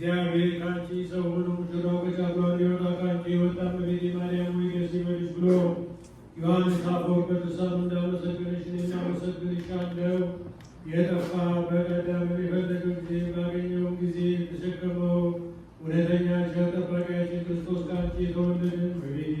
እግዚአብሔር ከአንቺ ሰው ሆኖ ሙሽራው ከጫፍሯ ሊወጣ ከአንቺ የወጣ እመቤቴ ማርያም ሆይ ደስ ይበልሽ ብሎ ዮሐንስ አፈወርቅ ቅዱሳን እንዳመሰግንሽ እናመሰግንሻለሁ። የጠፋ በቀዳም የፈለገው ጊዜ ባገኘው ጊዜ የተሸከመው እውነተኛ ሻ ጠባቂያችን ክርስቶስ ከአንቺ የተወለድን እመቤቴ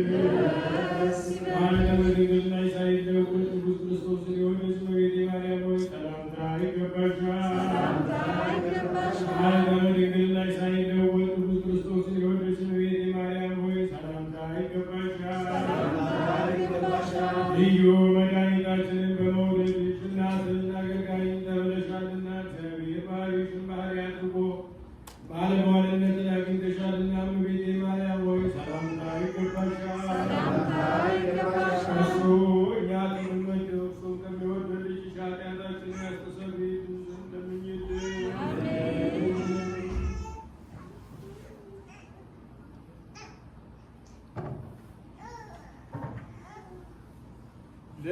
Amen. Amen. Amen.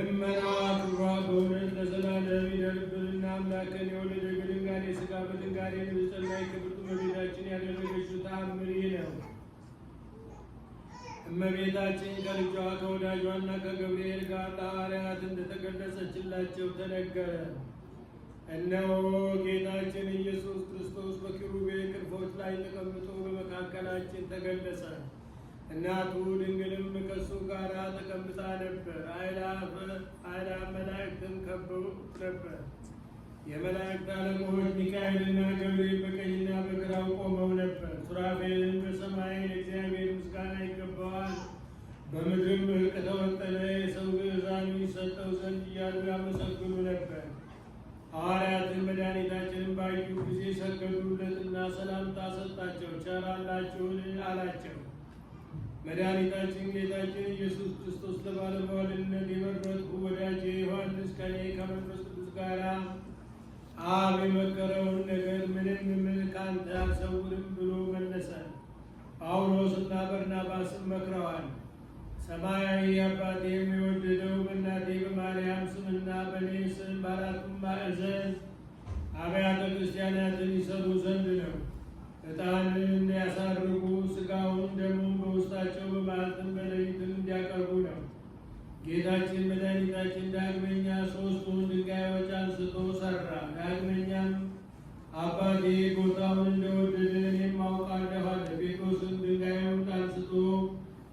ልመና ክብሯ በእውነት ለዘላለም ይደርብንና አምላክን የወለደ ድንጋሌ ስጋ በድንጋሌ ንጽሕና ክብርት እመቤታችን ያደረገችው ተአምር ይህ ነው። እመቤታችን ከልጇ ከወዳጇና ከገብርኤል ጋር ለሐዋርያት እንደተገለጸችላቸው ተነገረ። እነሆ ጌታችን ኢየሱስ ክርስቶስ በኪሩቤል ክንፎች ላይ ተቀምጦ በመካከላችን ተገለጸ። እናቱ ድንግልም ከእሱ ጋር ተቀምጣ ነበር። አይላ መላእክትም ከበው ነበር። የመላእክት አለቆች ሚካኤልና ገብርኤል በቀኝና በግራው ቆመው ነበር። ሱራፌልም በሰማይ እግዚአብሔር ምስጋና ይገባዋል፣ በምድርም እርቅ ተወጠነ፣ የሰው ግዕዛኑ ይሰጠው ዘንድ እያሉ ያመሰግኑ ነበር። ሐዋርያትን መድኃኒታችንን ባዩ ጊዜ ሰገዱለትና ሰላምታ ሰጣቸው። ቸር አላችሁን አላቸው። መድኃኒታችን ጌታችን ኢየሱስ ክርስቶስ ለባለመዋልነት የመረጥኩ ወዳጅ ዮሐንስ ከኔ ከመንፈስ ቅዱስ ጋር አብ የመከረውን ነገር ምንም ምን ካንተ አልሰውርም ብሎ መለሰ። ጳውሎስና በርናባስም መክረዋል። ሰማያዊ አባቴ የሚወደደው በእናቴ በማርያም ስምና በእኔ ስም በአራቱም ማዕዘን አብያተ ክርስቲያናትን ይሰሩ ዘንድ ነው።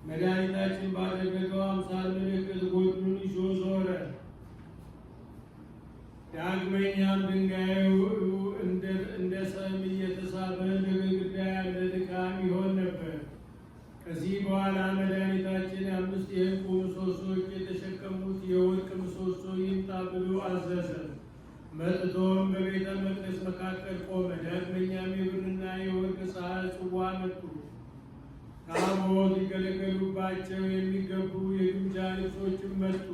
መድኃኒታችን ባደረገው አምሳል ምልክት ጎድኑን ይዞ ዞረ። ዳግመኛም ድንጋዩ እንደ ሰም እየተሳበ ለግድግዳ ያለ ድካም ይሆን ነበር። ከዚህ በኋላ መድኃኒታችን አምስት የዕንቁ ምሰሶዎች የተሸከሙት የወርቅ ምሰሶ ይምጣ ብሎ አዘዘ። መጥቶም በቤተ መቅደስ መካከል ቆመ። ዳግመኛም የብርና የወርቅ ሳህን ጽዋ መጡ። ከአቦት ሊገለገሉባቸው የሚገቡ የግምጃ ልብሶችም መጡ።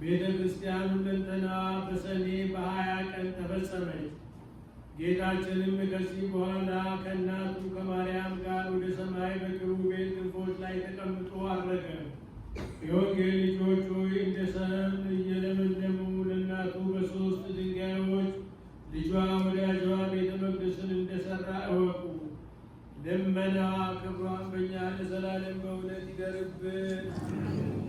ቤተ ክርስቲያኑ ሁለንተና በሰኔ በሀያ ቀን ተፈጸመች። ጌታችንም ከዚህ በኋላ ከእናቱ ከማርያም ጋር ወደ ሰማይ በኪሩቤል ክንፎች ላይ ተቀምጦ አረገ። የወንጌል ልጆች ሆይ እንደ ልመና ክብሯን በእኛ ለዘላለም በእውነት ይደርብን።